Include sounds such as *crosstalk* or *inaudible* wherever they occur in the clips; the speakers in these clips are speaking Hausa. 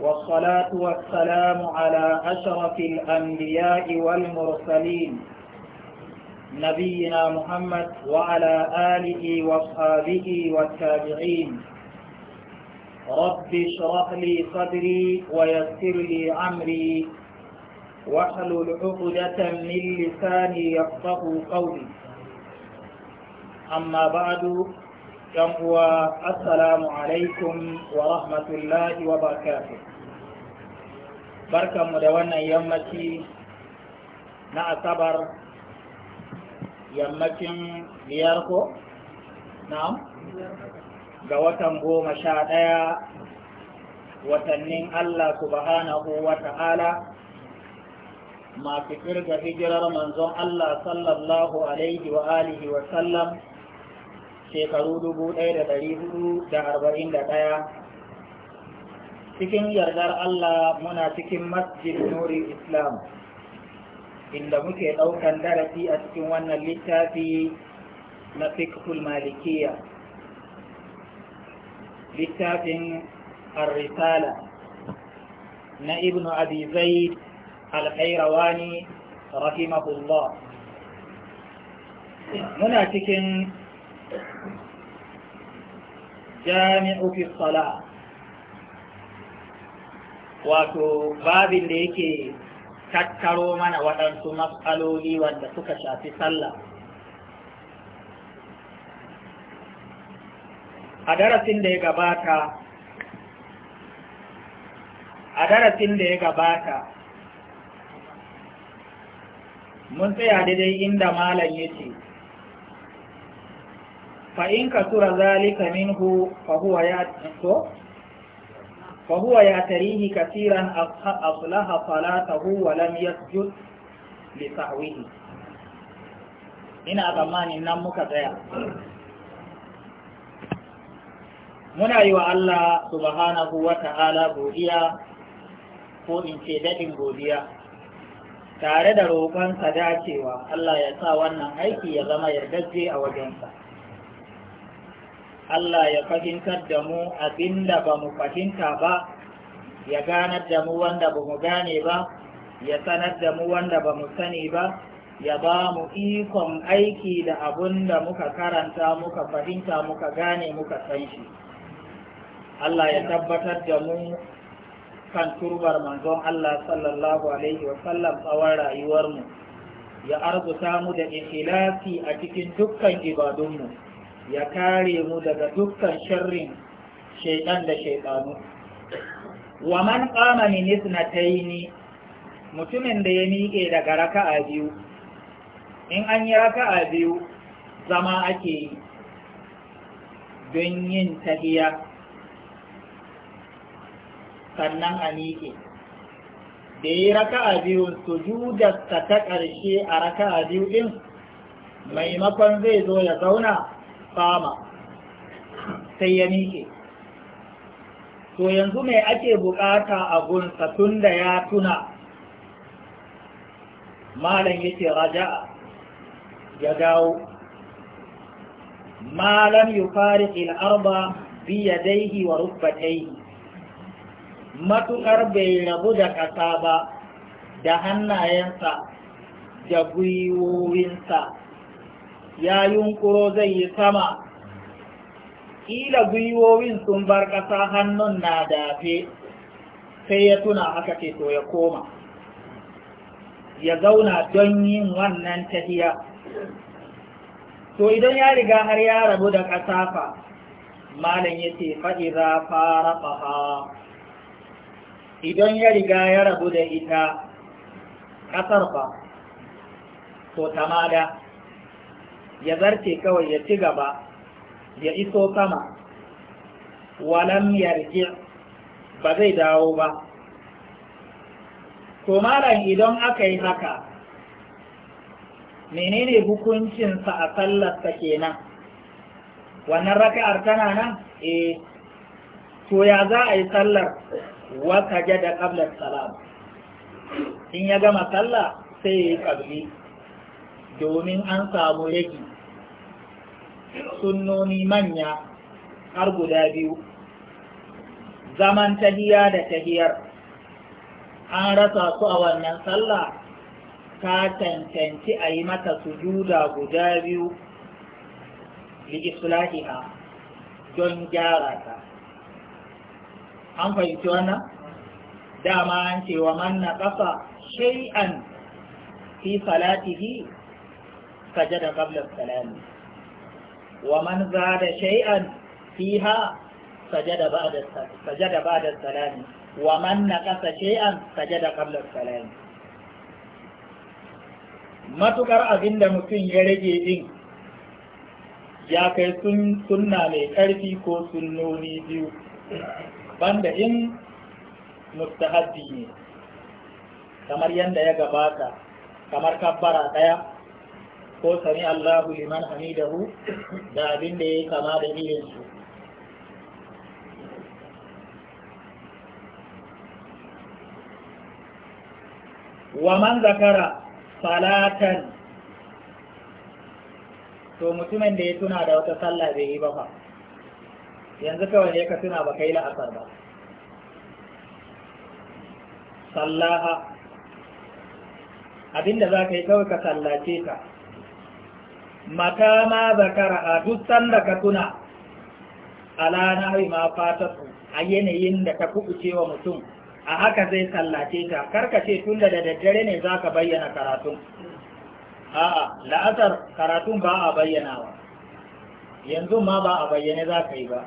والصلاة والسلام على أشرف الأنبياء والمرسلين نبينا محمد وعلى آله وصحابه والتابعين رب اشرح لي صدري ويسر لي أمري واحلل عقدة من لساني يفقه قولي أما بعد dan uwa assalamu alaikum wa rahmatullahi wa barakatuh barkanmu da wannan yammaci na asabar yammacin biyar ko na'am ga watan goma sha ɗaya watannin Allah subhanahu wa ta'ala masu kirga hijirar manzon Allah sallallahu alaihi wa alihi wa sallam shekaru dubu ɗaya da ɗari hudu da arba'in da ɗaya cikin yardar Allah muna cikin masjid nuri islam inda muke ɗaukan darasi a cikin wannan littafi na fikful malikiya littafin arisala risala na ibnu abi zaid al-qayrawani rahimahullah muna cikin jami'u fi sala wato babin da yake tattaro mana waɗansu matsaloli wanda suka shafi sallah a darasin da ya gabata a darasin da ya gabata mun tsaya daidai inda malam ya fa in tura zalika minhu fa huwa ya huwa ya tarihi kasiran aslaha salatahu wa lam yasjud li sahwihi ina tsammanin nan muka tsaya muna yi wa Allah subhanahu wa ta'ala godiya ko in ce daɗin godiya tare da sa dacewa Allah ya sa wannan aiki ya zama yardajje a wajensa. Allah ya fahimtar da mu da ba mu fahimta ba ya ganar da mu wanda ba mu gane ba ya sanar da mu wanda ba mu sani ba ya ba mu ikon aiki da abun da muka karanta muka fahimta muka gane muka san shi Allah ya tabbatar da mu kan turbar manzon Allah sallallahu alaihi wasallam tsawon rayuwarmu ya arzuta mu da ikhlasi a cikin dukkan ibadunmu ya kare mu daga dukkan sharrin shaiɗan da shaiɗanu. wa man qama min isnataini mutumin da ya miƙe daga raka'a biyu in an yi raka'a biyu zama ake yi don yin tahiya sannan a miƙe da yi raka'a biyu sujudarsa ta ƙarshe a raka'a biyu ɗin? maimakon zai zo ya zauna kama sai ya miƙe to yanzu mai ake buƙata a gunsa tun da ya tuna malam yake Raja ya dawo malam yi fari il'arba biya daihi wa rubbataihi matuƙar bai rabu da ƙasa ba da hannayensa da gwiwowinsa ya yunkuro zai yi sama kila gwiwowin sun bar ƙasa hannun na dafe sai ya tuna aka ce to ya koma ya zauna don yin wannan tafiya. to idan ya riga har ya rabu da ƙasafa malam ya ce faɗi za fara faha idan ya riga ya rabu da ita ƙasar fa to tamada ya zarce kawai ya ci gaba ya iso sama walam yarji ba zai dawo ba to malam idan aka yi haka menene hukuncinsa a sallar sallarsa kenan wannan raka'ar tana nan eh to ya za a yi sallar wata da qabla salam in ya gama sallah sai ya yi domin an samu yaki sunnoni manya har guda biyu zaman tahiya da tahiyar an rasa su a wannan sallah ka tantance a yi mata sujuda guda biyu li islahiha don gyara ta an fahimci wannan dama an ce wa manna ƙasa shay'an fi salatihi wa man da shay'an fiha sajada ba'da sajada ba'da salami wa man naqasa shay'an sajada qabla salami matukar abinda mutum ya rage din ya kai sunna mai karfi ko sunnoni biyu banda in mustahabbi ne kamar yadda ya gabata kamar kabbara ɗaya ko sami Allahu liman hamidahu da abin da ya kama da su wa man zakara salatan to mutumin da ya tuna da wata sallah bai yi ba fa yanzu kawai ne ka tuna ba kai la'asar ba sallaha abinda za ka yi kawai ka sallace ka. mata ma zakara a duk sanda ka tuna ala nahwi ma su a yanayin da ka kubuce wa mutum a haka zai sallace ta karka ce tun da daddare ne za ka bayyana karatun a'a la'asar karatun ba a bayyanawa yanzu ma ba a bayyane za ka yi ba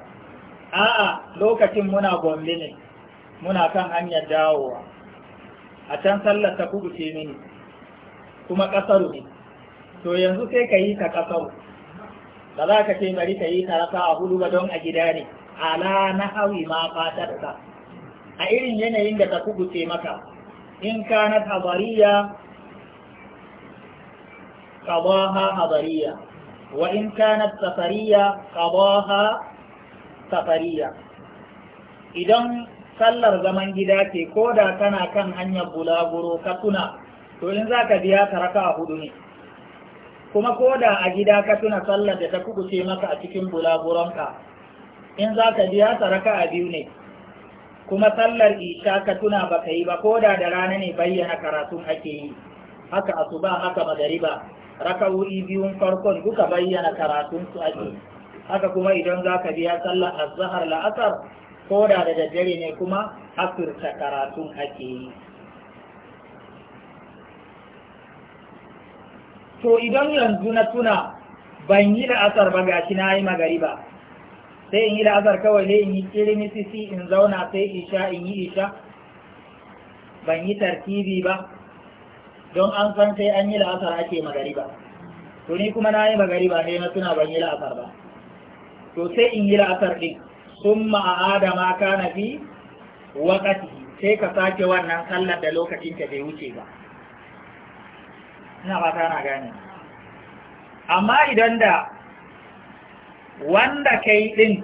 a'a lokacin muna gombe ne muna kan hanyar dawowa a can sallar ta ce mini kuma ƙasaru ne to yanzu sai ka yi ta kasau. ba za ka ce bari ka yi ta rasa a hudu ba don a gida ne ala na hawi ma fatar ka a irin yanayin da ta kubuce maka in ka na tabariya قضاها حضرية وإن كانت سفرية kabaha سفرية Idan sallar zaman gida ce ko da kana kan hanyar bulaguro ka tuna to in za ka biya ka raka a hudu ne kuma ko da a gida ka tuna sallar da ta kubuce maka a cikin bulaguranka, in za ka biya saraka raka a biyu ne kuma sallar isha ka tuna ba ka yi ba ko da da rana ne bayyana karatun ake yi haka asuba haka magariba wuri biyun farkon duka bayyana karatun su ake haka kuma idan za ka biya sallar zahar la'asar ko da da daddare ne kuma asirta karatun ake yi to idan yanzu na tuna ban yi la'asar ba gashi na yi magari ba, sai in yi la'asar kawai sai in yi kirimi sisi in zauna sai isha in yi isha ban yi tartibi ba don an san sai an yi la'asar ake magari ba, to ni kuma na yi magari ba ne na tuna ban yi la'asar ba to sai in yi la'asar ɗin sun ma'ada ma kana fi wakati sai ka sake wannan sallar da lokacin ta bai wuce ba ina fata na gane amma idan da wanda kai din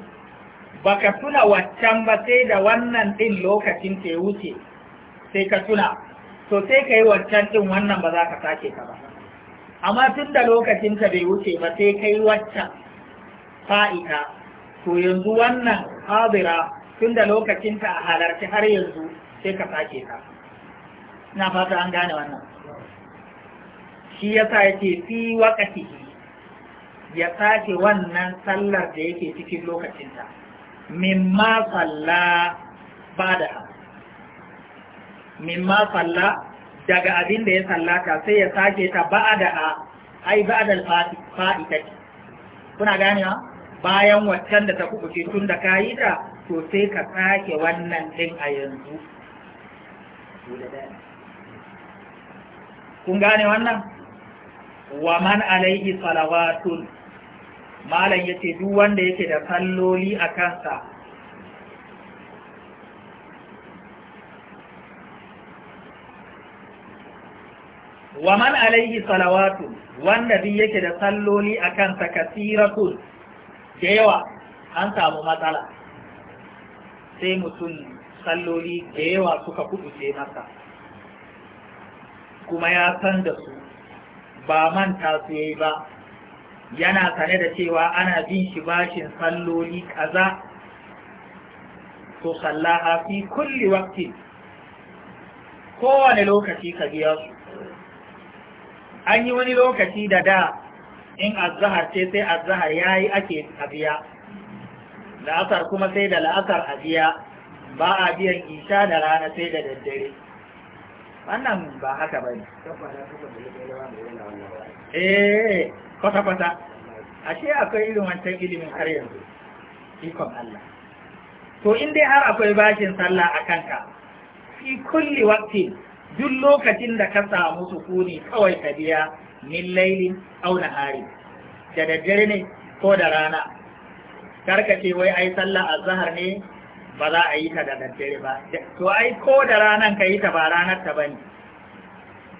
baka tuna waccan ba sai da wannan din lokacin ke wuce sai ka tuna to sai ka yi waccan din wannan ba za ka sake ka ba amma tun da lokacin ta bai wuce ba sai ka yi waccan fa'ita to yanzu wannan hazira tun da lokacin ta a halarci har yanzu sai ka sake ka ina fata an gane wannan shi yasa yake fi wakati ya sake wannan sallar da yake cikin lokacinta mimma salla Min mimma falla daga abin da ya sallata sai ya sake ta da ha ai ba fa’ita fa'itati kuna ganewa bayan waccan da ta kubuce tun da ka yi ta to sai ka sake wannan din a yanzu kun gane wannan wa man alaihi salawatun malam ce duk wanda yake da kalloli a kansa wa man alaihi salawatun wanda duk yake da salloli a kansa kasiratun da yawa an samu matsala sai mutum salloli da yawa suka kubuce masa kuma ya san da su ba man su ba yana sane da cewa ana bin shi bashin salloli kaza to sallaha fi kulli waqti kowane lokaci ka biya su an yi wani lokaci da da in azhar ce sai azhar yayi ake a biya la'asar kuma sai da la'asar a biya ba a biyan isha da rana sai da daddare wannan ba haka ba ne eh kwata-kwata ashe akwai irin wancan ilimin har yanzu ikon Allah to in dai har akwai bashin sallah a kanka fi kulli waqti duk lokacin da ka samu sukuni kawai ka biya min lailin auna nahari da daddare ne ko da rana karka ce wai ai sallah azhar ne ba za a yi ta da daddare ba to ai ko da ranar ka yi ta ba ranar ta bane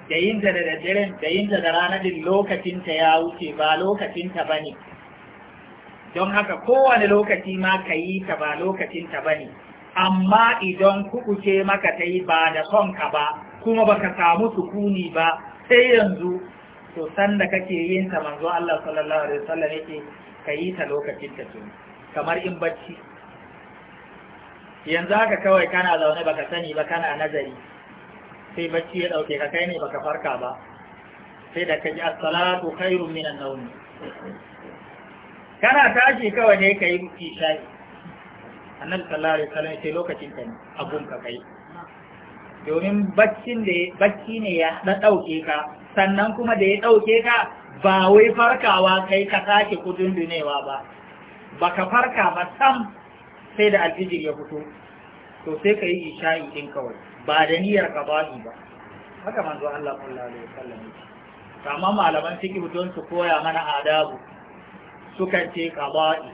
da yin ta da daddare da yin ta da ranar din lokacin ta ya wuce ba lokacin ta bane don haka kowane lokaci ma ka yi ta ba lokacin ta bane amma idan ce maka ta yi ba da son ka ba kuma baka samu sukuni ba sai yanzu to da kake yin ta manzo Allah sallallahu alaihi wasallam yake ka yi ta lokacin ta kamar in bacci yanzu haka kawai kana zaune baka sani ba kana nazari sai bacci ya dauke ka kai ne baka farka ba sai da kaji as-salatu khairun an nawm kana tashi kawai ne kai shayi annabi sallallahu alaihi wasallam sai lokacin ka ne abun ka kai domin baccin da bacci ne ya da dauke ka sannan kuma da ya dauke ka ba wai farkawa kai ka sake kudundunewa ba baka farka ba sam sai da alfijir ya fito to sai ka yi isha'i din kawai ba da niyyar ka ba haka manzo Allah sallallahu alaihi wasallam yake amma malaman fiqh don su koya mana adabu sukan ce qada'i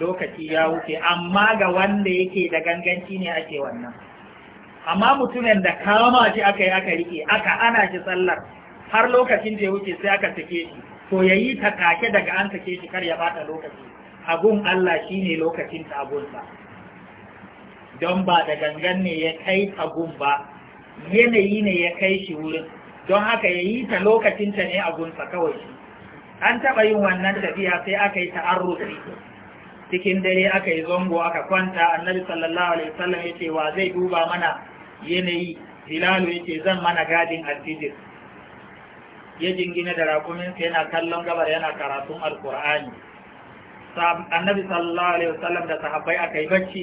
lokaci ya wuce amma ga wanda yake da ganganci ne ake wannan amma mutumin da kama shi aka yi aka rike aka ana shi sallar har lokacin da ya wuce sai aka sake shi to yayi kake daga an sake shi kar ya bata lokaci abun Allah shi ne lokacin ta abunsa don ba da gangan ne ya kai abun ba yanayi ne ya kai shi wurin don haka ya yi ta lokacin ta ne abunsa kawai shi an taɓa yin wannan tafiya sai aka yi ta'arrufi cikin dare aka yi zango aka kwanta annabi sallallahu alaihi wasallam ya ce wa zai duba mana yanayi hilalu ya ce zan mana gadin alfijir ya jingina da sai yana kallon gabar yana karatun alkur'ani annabi sallallahu alaihi wasallam da sahabbai aka yi bacci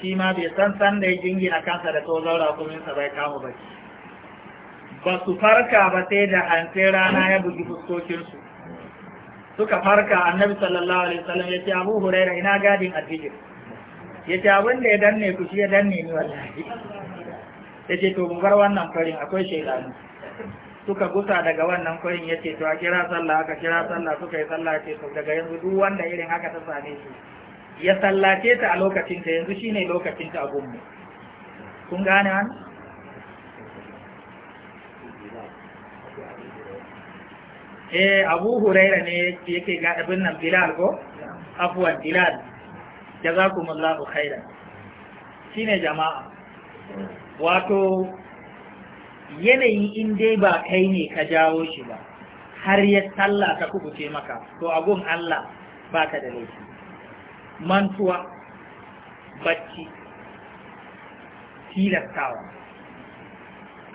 shi ma bai san san da ya jingina kansa da tozon rakuminsa bai kama bacci ba su farka ba sai da hantsin rana ya bugi fuskokinsu suka farka annabi sallallahu alaihi wasallam ya ce abu huraira ina gadin addijin ya ce abin da ya danne ku shi ya danne ni wallahi ya ce to mu bar wannan farin akwai shaidanu suka gusa daga wannan koyin ya ce to a kira sallah aka kira sallah suka yi sallah ce to daga yanzu duk wanda irin haka ta same shi ya sallace ta a lokacin ta yanzu shine lokacin ta a gunmu kun gane an eh Abu Huraira ne yake ga abin nan Bilal ko afwan Bilal jazakumullahu khairan shine jama'a wato yanayi in dai ba kai ne ka jawo shi ba har ya talla ta kubuce maka to agun Allah baka da laifi mantuwa bacci tilastawa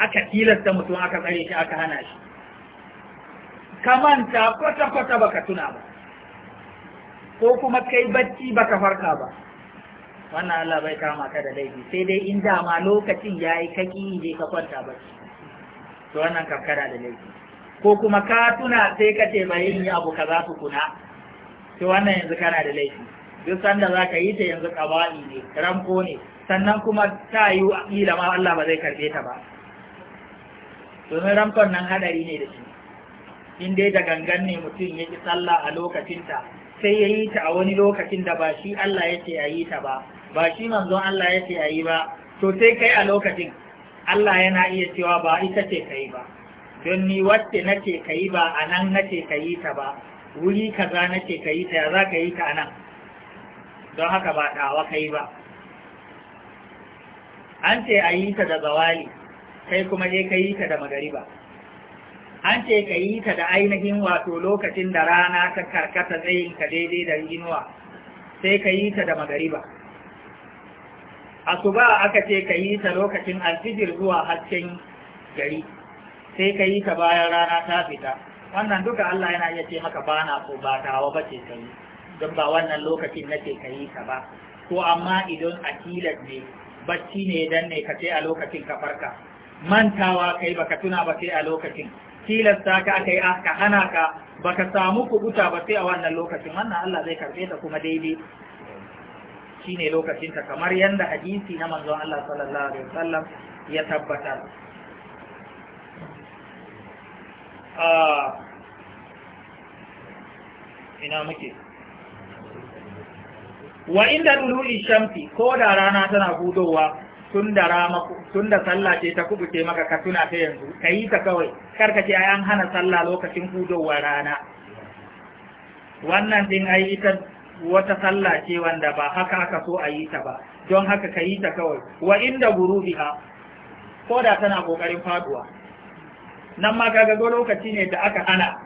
aka tilasta mutum aka tsare shi aka hana shi kamanta kwata-kwata baka tuna ba ko kuma kai bacci baka farka ba wannan Allah bai kama ka da laifi sai dai in dama lokacin ya yi kaki je ka kwanta bacci to wannan kafkara da laifi ko kuma ka tuna sai ka ce bai yi abu kaza su kuna to wannan yanzu kana da laifi duk sanda za ka yi ta yanzu ƙaba'i ne ranko ne sannan kuma ta yi ƙila ma Allah ba zai karbe ta ba domin ramkon nan haɗari ne da shi in dai da gangan ne mutum ya ƙi sallah a lokacinta sai ya yi ta a wani lokacin da ba shi Allah ya ce a yi ta ba ba shi manzon Allah ya ce a yi ba to sai kai a lokacin Allah yana iya cewa ba ita ce ka yi ba don ni wacce nace ka yi ba a nan nace ka yi ta ba wuri kaza nace ka yi ta ya za ka yi ta a nan don haka ba ɗawa ka yi ba an ce a yi ta da zawali kai kuma je ka yi ta da magariba an ce ka yi ta da ainihin wato lokacin da rana ta karkata tsayinka ka daidai da inuwa sai ka yi ta da magariba ba aka ce ka yi ta lokacin alfijir zuwa hasken gari sai ka yi ta bayan rana ta fita wannan duka Allah yana iya ce maka ba na ko ba tawa ba ce ka yi don ba wannan lokacin na ce ka yi ta ba ko amma idan akilat ne bacci ne dan ne ka ce a lokacin ka farka mantawa kai baka tuna ba sai a lokacin tilasta ka aka yi aka hana ka baka samu kubuta ba sai a wannan lokacin wannan Allah zai karbe ta kuma daidai shine lokacinta kamar yadda hadisi na manzon Allah sallallahu alaihi wasallam ya tabbatar ah, ina muke wa inda dululi shamsi ko da rana tana hudowa tun da rama tun da sallah ce ta kubuce maka ka tuna ta yanzu kai ta kawai karka ce an hana sallah lokacin hudowar rana wannan din ai ita wata sallah ce wanda ba haka aka so a yi ta ba don haka ka yi ta kawai wa inda gurubiha ko da tana kokarin faduwa nan ma kaga go lokaci ne da aka hana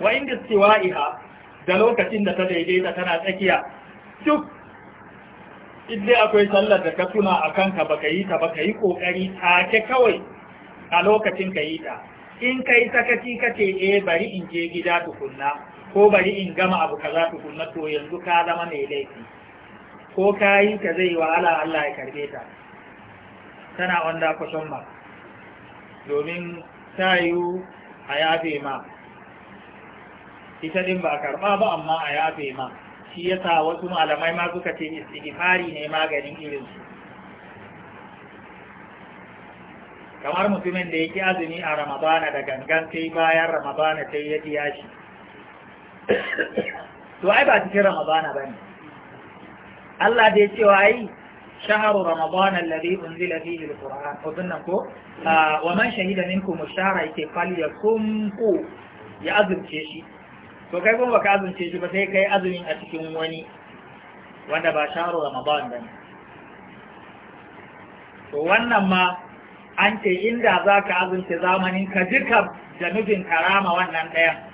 wa inda iha da lokacin da ta daidaita tana tsakiya duk idan akwai sallar da ka tuna a kanka baka yi ta baka yi kokari take kawai a lokacin ka yi ta in kai sakaci kace eh bari in je gida tukunna ko bari in gama abu ka za tukunna to yanzu ka zama mai laifi ko ka yi ka zai wahala Allah ya karbe ta tana wanda kusan ma domin ta yiwu a yafe ma ita din ba a karba ba amma a yafe ma shi yasa wasu malamai ma suka ce istighfari ne maganin irin su kamar mutumin da yake azumi a ramadana da gangan sai bayan ramadana sai ya diya shi to ai ba cikin ramadana ba ne Allah da ya ce wa ai shaharu ramadana alladhi unzila fihi alquran ko sunnan ko ah, wa man shahida minkum ash shahara yake falyakum ku ya azumce shi to kai kuma baka azumce shi ba sai kai azumin a cikin wani wanda ba shaharu ba ne to wannan ma an ce inda zaka azumce zamanin ka duka da nufin karama wannan ɗayan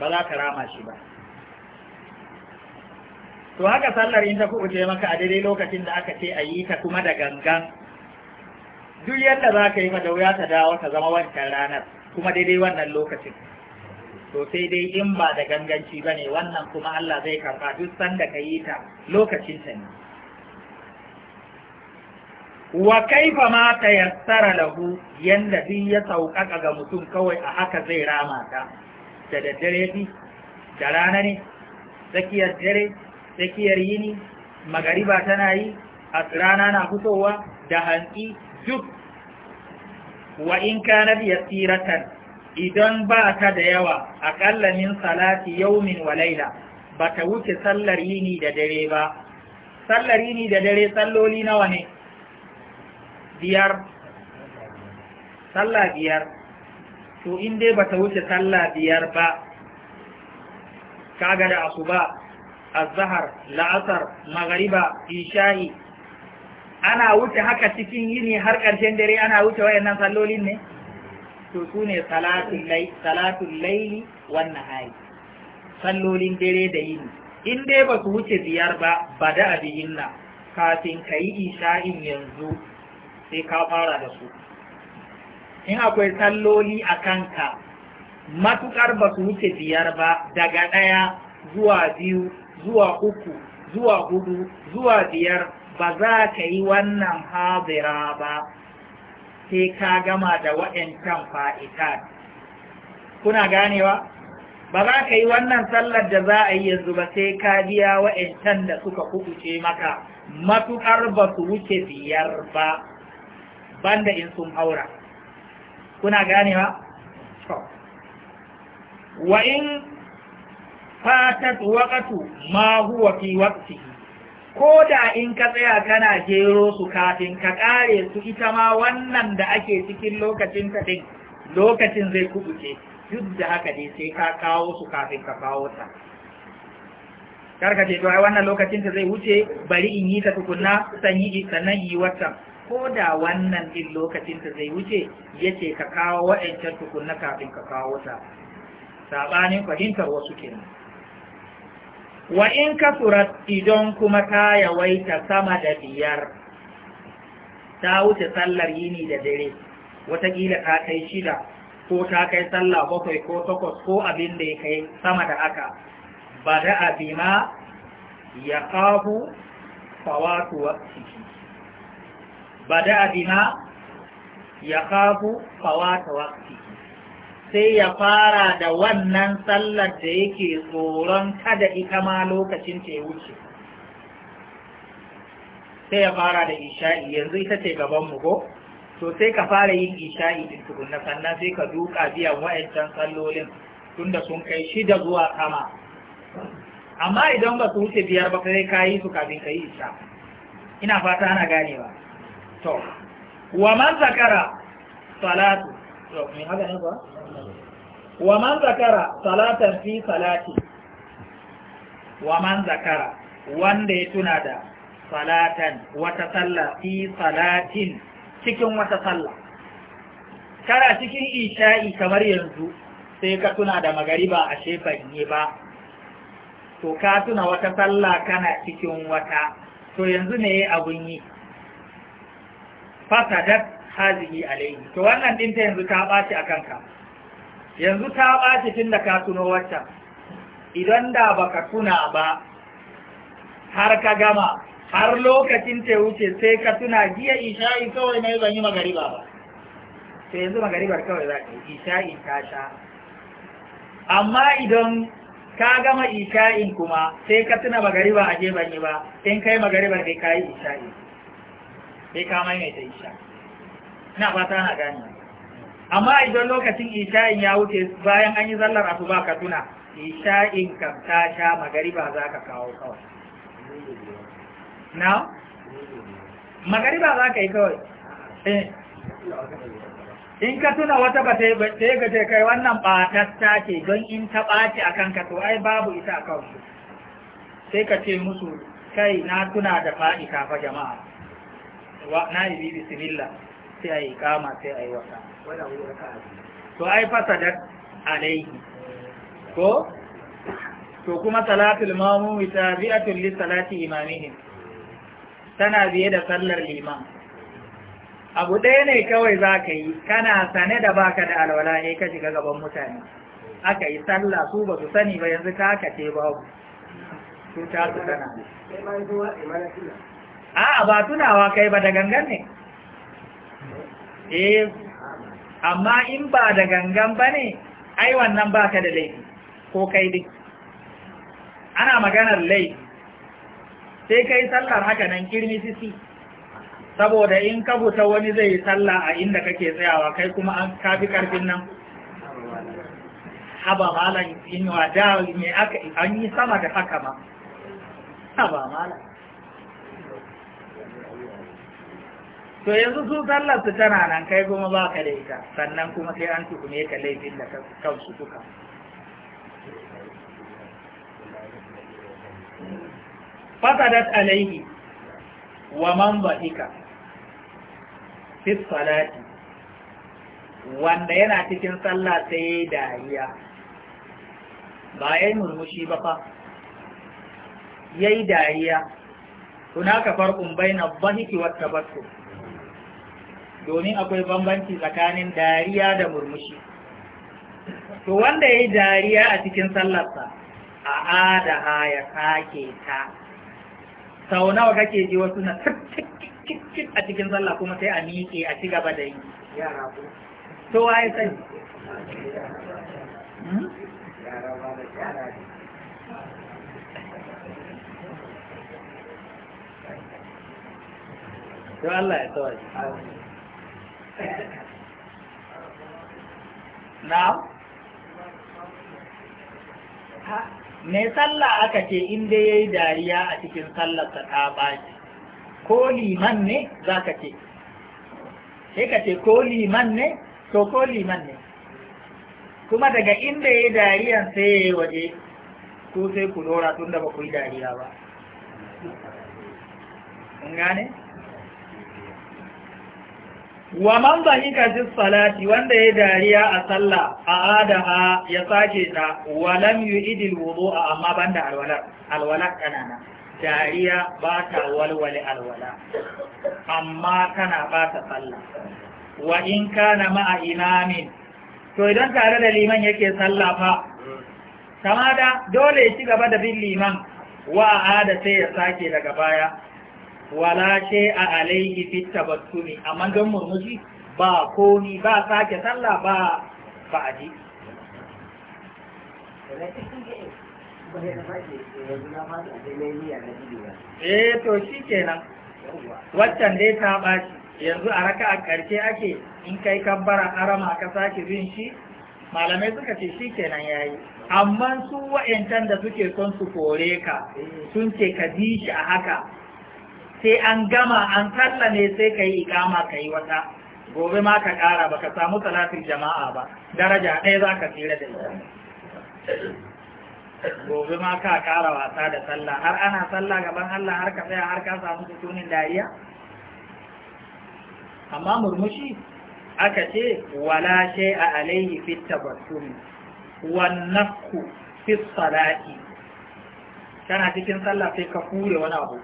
ba za ka rama shi ba to haka sallar in ta kuɓuce maka a daidai lokacin da aka ce a yi ta kuma da gangan duk yadda za ka yi mata wuya ta dawo ta zama wancan ranar kuma daidai wannan lokacin to sai dai in ba da ganganci ba ne wannan kuma Allah zai karɓa duk sanda ka yi ta lokacin ta ne wa kaifa ma ta yassara lahu yadda duk ya sauƙaƙa ga mutum kawai a haka zai rama ta da daddare ya fi da rana ne tsakiyar dare tsakiyar yini magariba tana yi a rana na fitowa da hanki duk wa in kanar tsiratar idan ba ta da yawa aƙalla min salati yaumin wa laila ba ta wuce sallar yini da dare ba sallar yini da dare salloli nawa ne biyar sallah biyar to in dai ba ta wuce sallah biyar ba kaga da asuba azhar la'asar maghriba isha'i ana wuce haka cikin yini har ƙarshen dare ana wuce wayannan sallolin ne to su ne salatul laili wannan hari sallolin dare da yini in dai ba su wuce biyar ba ba da abiyinna kafin ka yi isha'in yanzu sai ka fara da su in akwai salloli a kanka matuƙar ba su wuce biyar ba daga ɗaya zuwa biyu zuwa uku zuwa hudu zuwa biyar ba za ka yi wannan hazira ba sai ka gama da waɗancan fa'ita kuna ganewa ba za ka yi wannan sallar da za a yi yanzu ba sai ka biya waɗancan da suka kukuce maka matuƙar ba su wuce biyar ba banda in sun haura kuna ba? wa in fatat waqtu ma huwa fi waqtihi ko da in ka tsaya kana jero su kafin ka kare su ita ma wannan da ake cikin lokacin ka din lokacin zai kubuce duk da haka dai sai ka kawo su kafin ka kawo ta karka ce to ai wannan lokacin ta zai wuce bari in yi ta tukunna sannan yi wannan ko da wannan din lokacin ta zai wuce yace ka kawo wa'ancan tukunna kafin ka kawo ta sabanin fahimtar wasu ke. wa in ka surat idan kuma ta yawaita sama da biyar ta wuce sallar yini da dare watakila ta kai shida ko ta kai sallah bakwai ko takwas ko abin da ya kai sama da aka. ba da abima ya kafu fawatu ciki bada abina ya kafu fawata wakti sai ya fara da wannan sallar da yake tsoron kada ita ma lokacin ta ya wuce sai ya fara da isha'i yanzu ita ce gaban ko to sai ka fara yin isha'i din tukunna sannan sai ka duka biyan wa'ancan tun tunda sun kai shida zuwa kama. amma idan ba su wuce biyar ba sai ka yi su kafin ka yi isha ina fata ana ganewa to wa man zakara salatu me haka ne ba wa man zakara salatan fi salati wa man zakara wanda ya tuna da salatan wata sallah fi salatin cikin wata sallah kara cikin isha'i kamar yanzu sai ka tuna da magariba a shefan ne ba to ka tuna wata sallah kana cikin wata to yanzu ne abun yi fasadat hazihi alaihi to wannan din ta yanzu ta ɓaci a kanka yanzu ta ɓaci tun da ka tuno waccan idan da baka tuna ba har ka gama har lokacin ta wuce sai ka tuna giya isha'i kawai na yi magariba ba sai yanzu magaribar kawai za ka yi isha'i ta sha amma idan ka gama isha'in kuma sai ka tuna magariba a je ban yi ba in kai magaribar ne ka yi isha'i sai ka maimaita isha ina fata na gani amma idan lokacin isha'in ya wuce bayan an yi zallar asuba ka tuna isha'in ka ta sha magariba za ka kawo kawai na magariba za ka yi kawai eh. in ka tuna wata ba ta yi gaje kai wannan ta ce don in ta ɓaci a ka to ai babu ita a kawai sai ka ce musu kai na tuna da faɗi kafa jama'a wa na'ibi bismillah sai ayi kama sai a wata to ai fasadar alaihi ko to kuma salatul mamu tabi'atul li salati imamihim tana biye da sallar liman abu ɗaya ne kawai za ka yi kana sane da baka da alwala ne ka shiga gaban mutane aka yi sallah su ba su sani ba yanzu ka kace babu su ta su sana a'a ba tunawa kai ba da gangan ne eh amma in ba da gangan ba ne ai wannan ba ka da laifi ko kai dai ana maganar laifi sai kai sallar haka nan kirmi sisi saboda in ka buta wani zai yi sallah a inda kake tsayawa kai kuma an kafi karfin nan haba malam inuwa da me aka yi sama da haka ma haba malam to yanzu su sallar su tana nan kai kuma ba ka da ita sannan kuma sai an tukume ka laifin da kansu duka fasadat alaihi wa man ba'ika fi salati wanda yana cikin sallah sai ya dariya ba yi murmushi ba fa Ya yi dariya bai na baina dhahiki wata tabassul domin akwai bambanci tsakanin dariya da murmushi to wanda ya yi dariya a cikin sallarsa a ha ya sake ta sau nawa kake ji wasu na cikin a cikin sallar kuma sai a miƙe a ci gaba da yi yara ko to waye sai hmm? to Allah ya tsawai na mai sallah aka ce inda ya yi dariya a cikin sallarsa ta baki ko liman ne za ka ce sai ka ce ko liman ne to ko liman ne kuma daga inda ya yi dariyan sai ya yi waje ko sai ku dora tun da ba ku yi dariya ba gane? wa man zahika fi salati wanda ya dariya a sallah a adaha ya sake ta wa lam yu'idil wudu'a amma banda alwala alwala kanana dariya ba ta walwale alwala amma kana ba ta sallah wa in kana ma'a imamin to idan tare da liman yake sallah fa kamada da dole ya ci gaba da bin liman wa ada sai ya sake daga baya wala ce a alaihi fi ne, amma don murmushi ba komi ba sake sallah ba ba a ji eh to shi kenan waccan dai ta ɓaci yanzu a raka a karshe ake in kai kabbara arama ka sake bin shi malamai suka ce shi kenan ya yi amma su wa'yancan da suke son su kore ka sun ce ka bi shi a haka sai an gama an ne sai ka yi ikama ka yi wata gobe ma ka kara ba ka samu salatin jama'a ba daraja ɗaya za ka tsira da ita gobe ma ka kara wasa da sallah har ana sallah gaban Allah har ka tsaya har ka samu sukunin dariya amma murmushi aka ce wala shay a alaihi fi tabassum wan nafku fi salati kana cikin sallah sai ka kure wani abu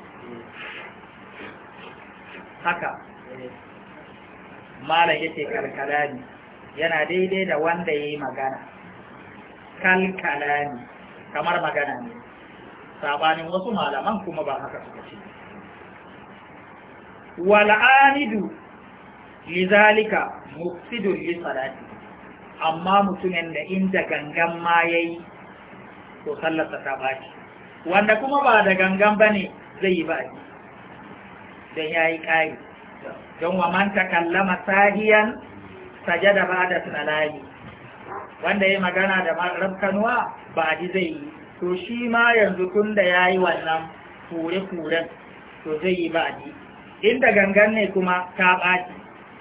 haka mala yake kalkalani yana daidai da wanda ya yi magana kalkalani kamar magana ne sabanin wasu malaman kuma ba haka suka ce wal'anidu lizalika mufsidun li salati amma mutumin da inda gangan ma yayi to sallarsa ta baci wanda kuma ba da gangan bane zai yi baci don ya yi ƙari don wa man sahiyan sajada ba da tunalayi wanda ya magana da rabkanuwa ba ji zai yi to shi ma yanzu tun da ya yi wannan kure-kuren to zai yi ba ji inda gangan ne kuma ta ɓaci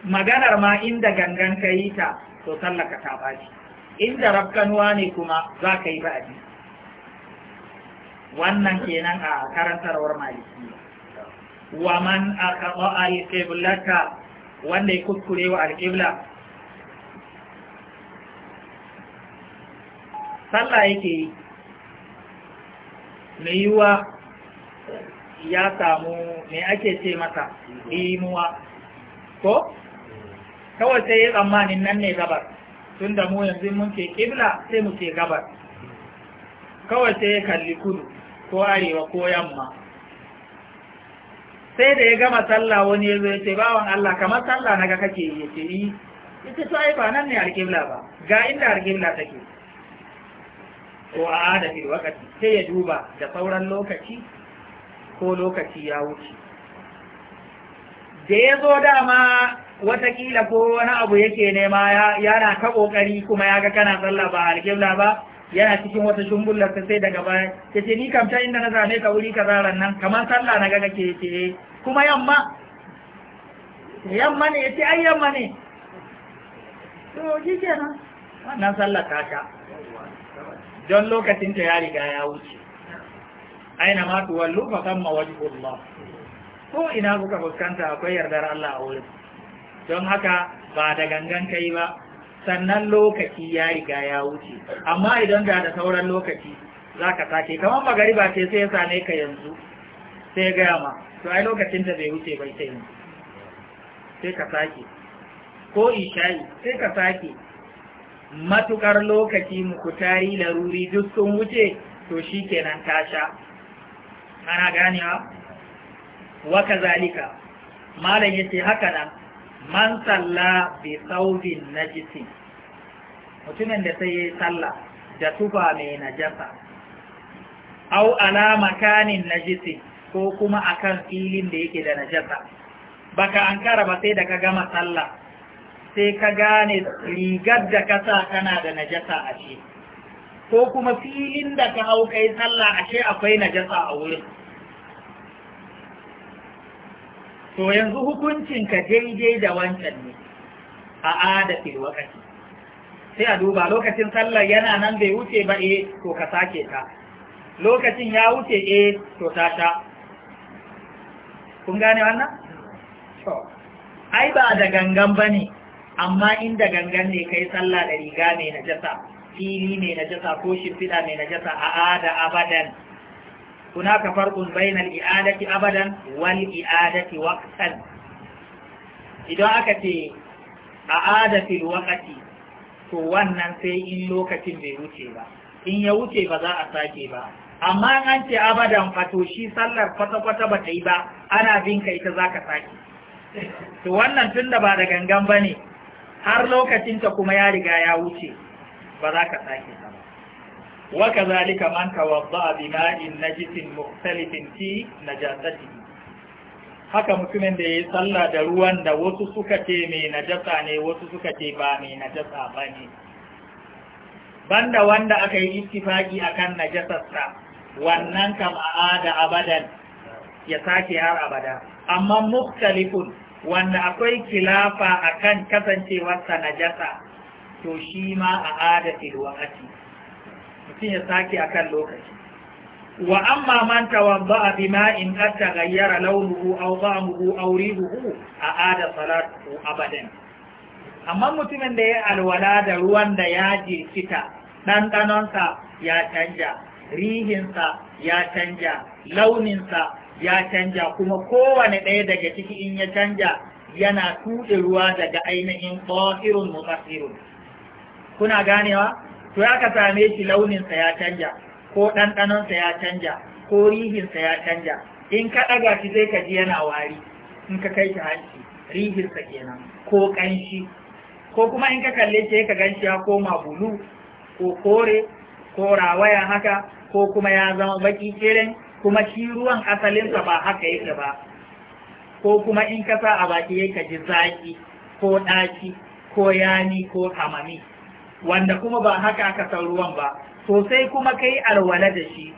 maganar ma inda gangan ka yi ta to sallaka ta ɓaci inda rabkanuwa ne kuma za ka yi ba ji wannan kenan a karantarwar maliki wa man aqa'a al-qiblata wanda ya kuskure wa al-qibla sallah yake yi mai ya samu mai ake ce masa imuwa ko kawai sai ya tsammanin nan ne gabar tun da mu yanzu mun ce kibla sai mu ce gabar kawai sai ya kalli kudu ko arewa ko yamma sai da ya gama sallah wani ya zo ya ce bawan Allah kamar sallah na ga kake yi ya ce eh. yi ita to ai ba nan ne alƙibla ba ga inda alƙibla take ko a da fi wakati sai ya duba da sauran lokaci ko lokaci ya wuce da ya zo dama watakila ko wani abu yake nema yana ka ƙoƙari kuma ya ga kana sallah ba alƙibla ba yana cikin wata shumbullar ta sai daga baya ya ce ni kamta inda na zane ka wuri kaza nan kamar sallah na gaga ke ce kuma yamma yamma ne ya ce ai yamma ne to ji nan wannan sallar ta sha don lokacin ta ya riga ya wuce aina ma kan ma samma wajhullah ko ina kuka fuskanta akwai yardar Allah a wurin don haka ba da gangan kai ba sannan lokaci ya riga ya wuce amma idan da da sauran lokaci za ka sake kamar magariba ce sai ya same ka yanzu sai gaya ma to ai lokacin da bai wuce bai sai sai ka sake ko isha'i sai ka sake matukar lokaci tari laruri duk sun wuce to shi kenan ta sha ana ganewa wa kazalika malam yace haka nan man salla bi na najisi mutumin da sai yayi sallah da tufa mai najasa au ala makanin najisi ko kuma akan filin da yake da najasa baka ankara ba sai da ka gama sallah sai ka gane rigar da ka sa kana da najasa a ce ko kuma filin da ka hau kai sallah ashe akwai najasa a wurin to yanzu hukuncinka daidai da wancan ne a adafin wakati sai a duba lokacin sallar yana nan bai wuce ba e to ka sake ta lokacin ya wuce e to ta sha kun gane wannan? ai ba da gangan ba ne amma inda gangan ne kai sallah da riga mai najasa fili mai najasa ko shimfiɗa mai najasa a ada abadan هناك فرق بين الإعادة أبدا والإعادة وقتا إذا أكت أعادة في الوقت فوانا في إن لوكة بيوتيبا إن يوتيبا ذا أساكيبا أما أنت أبدا فتوشي صلر فتفت بطيبا أنا بينك إتزاك ساكي فوانا تند بعد غنغم بني har lokacinta kuma ya riga ya wuce ba وكذلك من توضأ بماء نجس مختلف في نجاسته haka mutumin da ya salla da ruwan da wasu suka ce mai najasa ne wasu suka ce ba mai najasa ba ne banda wanda aka yi ittifaki akan najasarsa wannan kam da abadan ya sake har abada amma mukhtalifun wanda akwai kilafa akan kasancewarsa najasa to shi ma a'ada fil waqti mutum ya sake a kan lokaci wa amma man bima in qad gayyara launuhu aw ta'muhu aw rihuhu ada salatu abadan amma mutumin da ya yi alwala da ruwan da ya jirkita ɗanɗanonsa ya canja rihinsa ya canja launinsa ya canja kuma kowane ɗaya daga ciki in ya canja yana tuɗe ruwa daga ainihin ƙasirun mutasirun kuna ganewa to ya ka same shi launinsa ya canja ko ɗanɗanonsa ya canja ko rihinsa ya canja in ka ɗaga shi sai ka ji yana wari in ka kai shi hanci rihinsa kenan ko ƙanshi ko kuma in ka kalle shi ka gan ya koma bulu ko kore ko rawaya haka ko kuma ya zama baki kirin kuma shi ruwan asalinsa ba haka yake ba ko kuma in ka sa a baki yake ji zaki ko ɗaki ko yani ko hamami wanda kuma ba haka aka san ruwan ba sosai kuma kai alwala da shi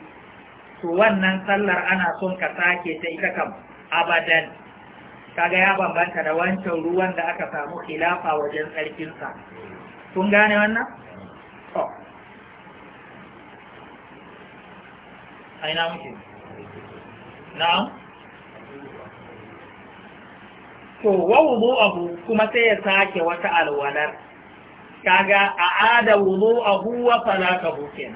to wannan sallar ana son ka sake ta ita kam abadan kaga ya bambanta da wancan ruwan da aka samu khilafa wajen tsarkinsa kun gane wannan? to aina muke na'am to wa wudu abu kuma sai ya sake wata alwalar kaga a ada wuzo a huwa fana ka buke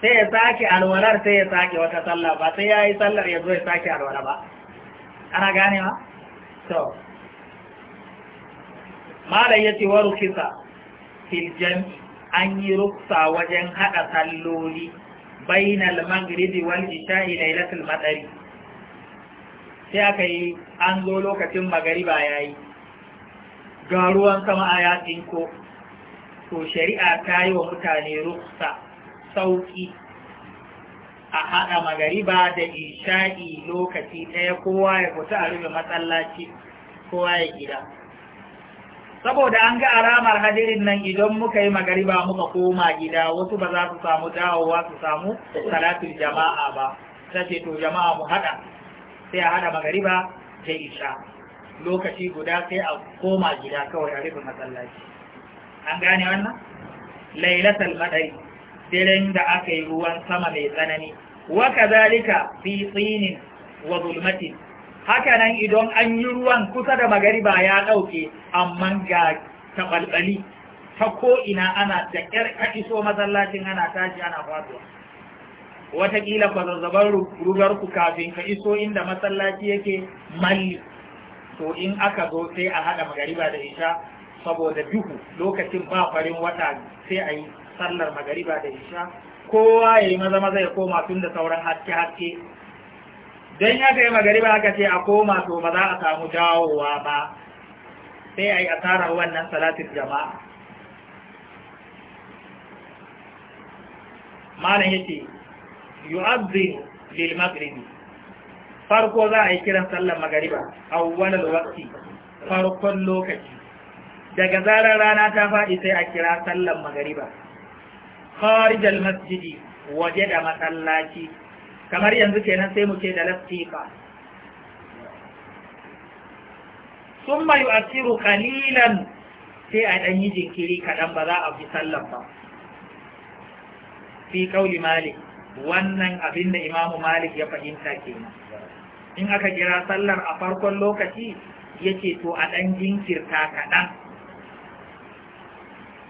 sai ya sake alwalar sai ya sake wata sallah ba sai ya yi sallar ya zo ya sake alwala ba ana gane ma? to malar ya ce waru kisa filjan an yi ruksa wajen haɗa salloli bainal magribi wal isha'i lailatul matsari sai aka yi an zo lokacin magariba yi ga ruwan sama a yatsin ko to shari'a ta yi wa mutane ruksa sauki a haɗa magariba da isha'i lokaci ɗaya kowa ya fita a rufe matsalaci kowa ya gida saboda an ga alamar hadirin nan idan muka yi magariba muka koma gida wasu ba za su samu dawowa su samu salatul jama'a ba sace to jama'a mu haɗa sai a haɗa magariba da isha lokaci guda sai a koma gida kawai a rufe matsalaci an gane wannan lailatul qadari da aka yi ruwan sama mai tsanani wa kadalika fi tsinin wa zulmati haka nan idan an yi ruwan kusa da magariba ya dauke amma ga tabalbali ta ko ina ana da kyar ka iso masallacin ana tashi ana faduwa watakila ba zazzabar rugar ku kafin ka iso inda masallaci yake malli to in aka zo sai a haɗa magariba da isha saboda duhu lokacin ba farin wata sai a yi sallar magariba da isha kowa ya yi maza maza ya koma tun da sauran haske haske don ya kai magariba aka ce a koma to ba za a samu dawowa ba sai a yi asarar wannan salatin jama'a ce, yace yu'azzin lil maghribi farko za a yi kiran sallar magariba a wani lokaci farkon lokaci daga zarar rana ta faɗi sai a kira sallan magariba kharijal masjidi waje da masallaci kamar yanzu kenan sai muke da lafiqa summa yu'athiru qalilan sai a dan yi jinkiri kaɗan ba za a fi sallan ba fi kauli malik wannan abin da imamu malik ya fahimta kenan in aka kira sallar a farkon lokaci yake to a ɗan jinkirta kaɗan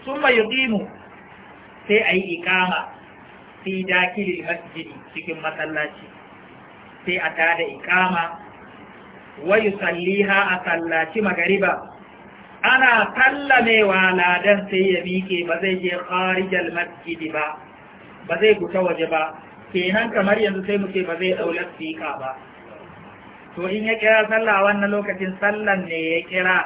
sun mu sai a yi ikama fi dakilil masjidi cikin masallaci sai a tada ikama salli ha a sallaci magariba ana tallamewa ladan sai ya miƙe ba zai je kharijal masjidi ba ba zai fita waje ba kenan kamar yanzu sai muke ba zai daular fika ba to in ya kira sallah wannan lokacin sallan ne ya kira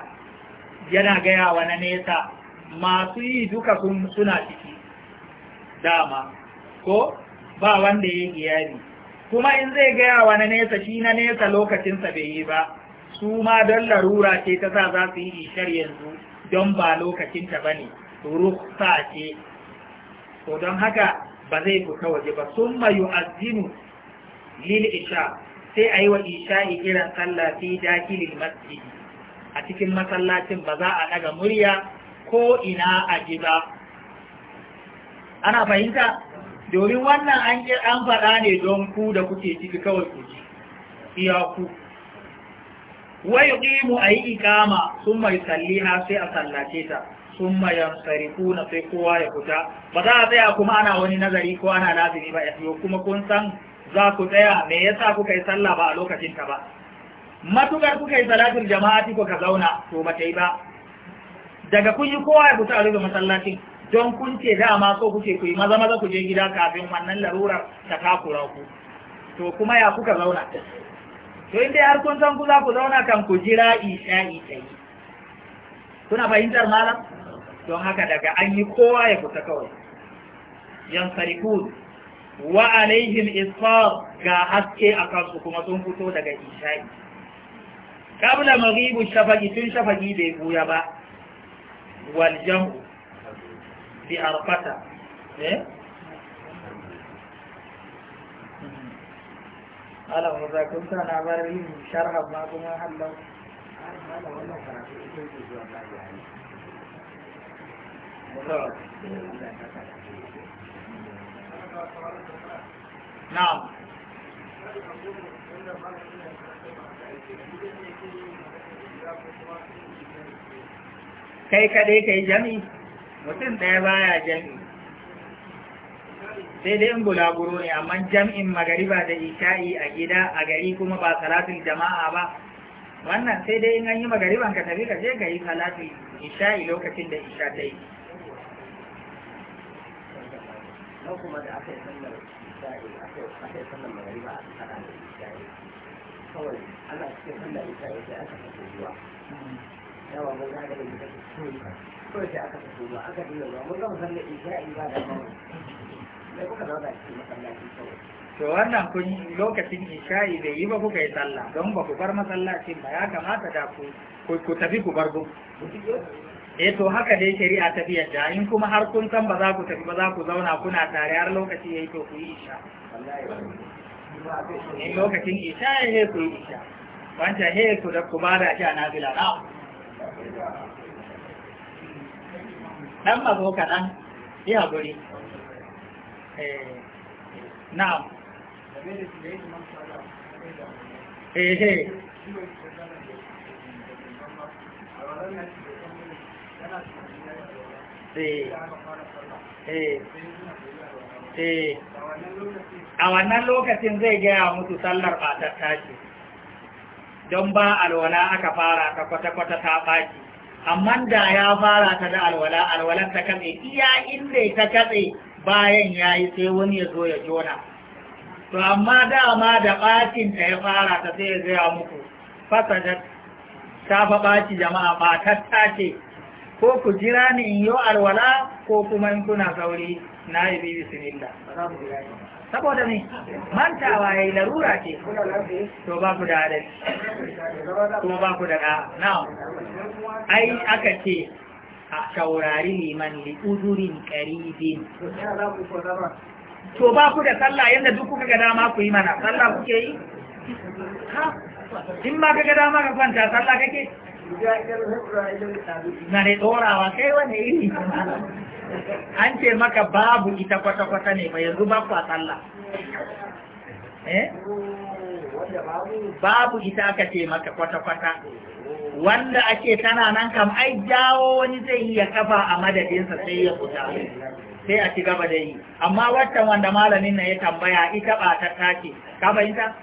yana gaya wa na nesa masu yi duka sun suna ciki dama ko ba wanda ya iyali kuma in zai gaya wa na nesa shi na nesa lokacinsa bai yi ba su ma don larura ce ta sa za su yi ishar yanzu don ba lokacinta ba ne ruksa ce Ko don haka ba zai fita waje ba sun mayu azinu lil isha sai a yi wa isha'i kiran sallafi, fi dakilin masjidi a cikin masallacin ba za a daga murya ko ina a gida ana fahimta domin wannan an an faɗa ne don ku da kuke ciki kawai ku ji iya ku wai ƙimu a yi ikama sun mai salliha sai a sallace ta sun mai yansariku na sai kowa ya fita ba za a tsaya kuma ana wani nazari ko ana lazimi ba ya kuma kun san za ku tsaya me yasa kuka yi sallah ba a lokacinta ba matukar kuka yi salatul jama'a ko ka zauna to ba ta yi ba daga kun yi kowa ya fita a rufe masallacin don kun ce dama so kuke ku yi maza maza ku je gida kafin wannan larurar ta takura ku to kuma ya kuka zauna to inda har kun san ku za ku zauna kan ku jira isha'i ta yi kuna fahimtar malam don haka daga an yi kowa ya fita kawai yan sariku wa alaihim isfar ga haske a kansu kuma sun fito daga isha'i kabla magribu shafaki tun shafaki bai buya ba والجمع في أربعة إيه؟ على مذاكم سنة بارين شرح ما كم حلو نعم Thank you. kai kaɗai kai jami mutum ɗaya baya jami sai dai in bulaguro ne amma jam'in magariba da isha'i a gida a gari kuma ba salatul jama'a ba wannan sai dai in an yi magariban ka tafi ka je ka yi salatul isha'i lokacin da isha ta yi kuma da sallar sallar magariba kawai cikin sallar isha'i sai aka fito zuwa mun ga da ko sai aka ba aka ba mun ga ba da kuka cikin masallaci to wannan kun lokacin isha'i bai yi ba kuka yi sallah don ba ku bar masallacin ba ya kamata da ku ku tafi ku bar gun eh to haka dai shari'a ta biyar da in kuma har kun san ba za ku tafi ba za ku zauna kuna tare har lokaci yayi to ku yi isha in lokacin isha ya yi ku yi isha wancan he ku da ku da shi a nazila na ɗan abu kaɗan yi haƙuri eh, na'am ehe eh. eh, a wannan lokacin zai gaya musu sallar ba ta tashi don ba alwala aka fara ta kwata-kwata ta ɓaki amma da ya fara ta da alwala alwalar ta katse iya inda ta katse bayan ya yi sai wani ya zo ya jona to amma dama da ɓakin ta ya fara ta sai ya zaya muku fasa ta fa ɓaci jama'a ba ta ko ku jira ni in yi alwala ko kuma in kuna sauri na yi bibi sinilla saboda ne mantawa ya yi larura ce to ba ku da adalci kuma ba ku da ɗa na ai aka ce a shaurari liman li uzurin karibin to ba ku da sallah yadda duk kuka ga dama ku yi mana sallah kuke yi in ma kaga dama ka kwanta sallah kake na dai tsorawa kai wani iri an ce maka babu ita kwata-kwata ne mai yanzu ba kwa tsalla eh? babu ita aka ce maka kwata-kwata wanda ake tana nan kam ai jawo wani zai iya kafa a madadinsa sai ya fita sai a ci gaba da yi amma wata wanda malamin na ya tambaya ita ba ta take ka fahimta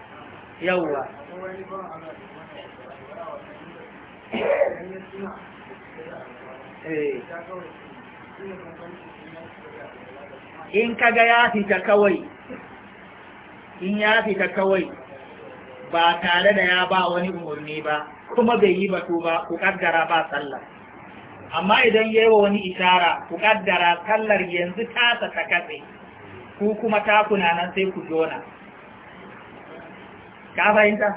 yawwa eh in kaga ya fita kawai in ya fita kawai ba tare da ya ba wani umarni ba kuma bai yi batu ba ku kaddara ba sallah amma idan ya yi wa wani ishara ku kaddara sallar yanzu tasa ta katse ku kuma takuna nan sai ku jona ka fahimta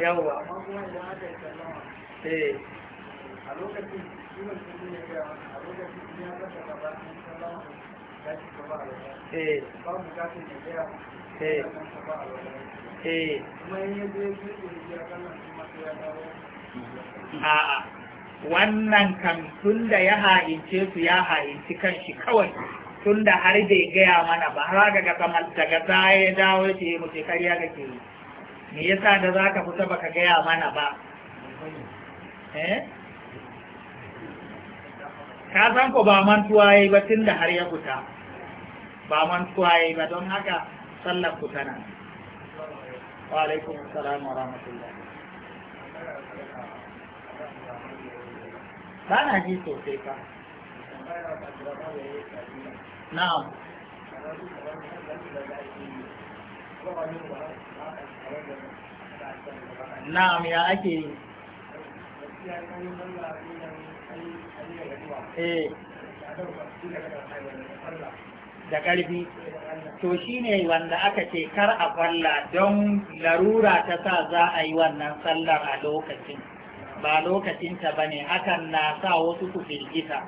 yawwa eh a lokacin A'a, wannan kan tun da ya ha'ince su ya ha'inci kan shi kawai tun da har bai gaya mana ba har ga kamar daga ya dawo ce eh, mu ce karya ke yi. Me yasa da za ka fita baka gaya mana ba? Eh? ka san ko ba mantuwa yayi ba tunda har ya kuta, ba mantuwa yayi ba don haka sallar ku tana wa alaikum wa rahmatullah ba na ji sosai fa na'am na'am ya ake yi Eh. da ƙarfi to shine wanda aka ce kar a falla don larura ta sa za a yi wannan sallar a lokacin ba lokacinta ba ne hakan na sa wasu su firgita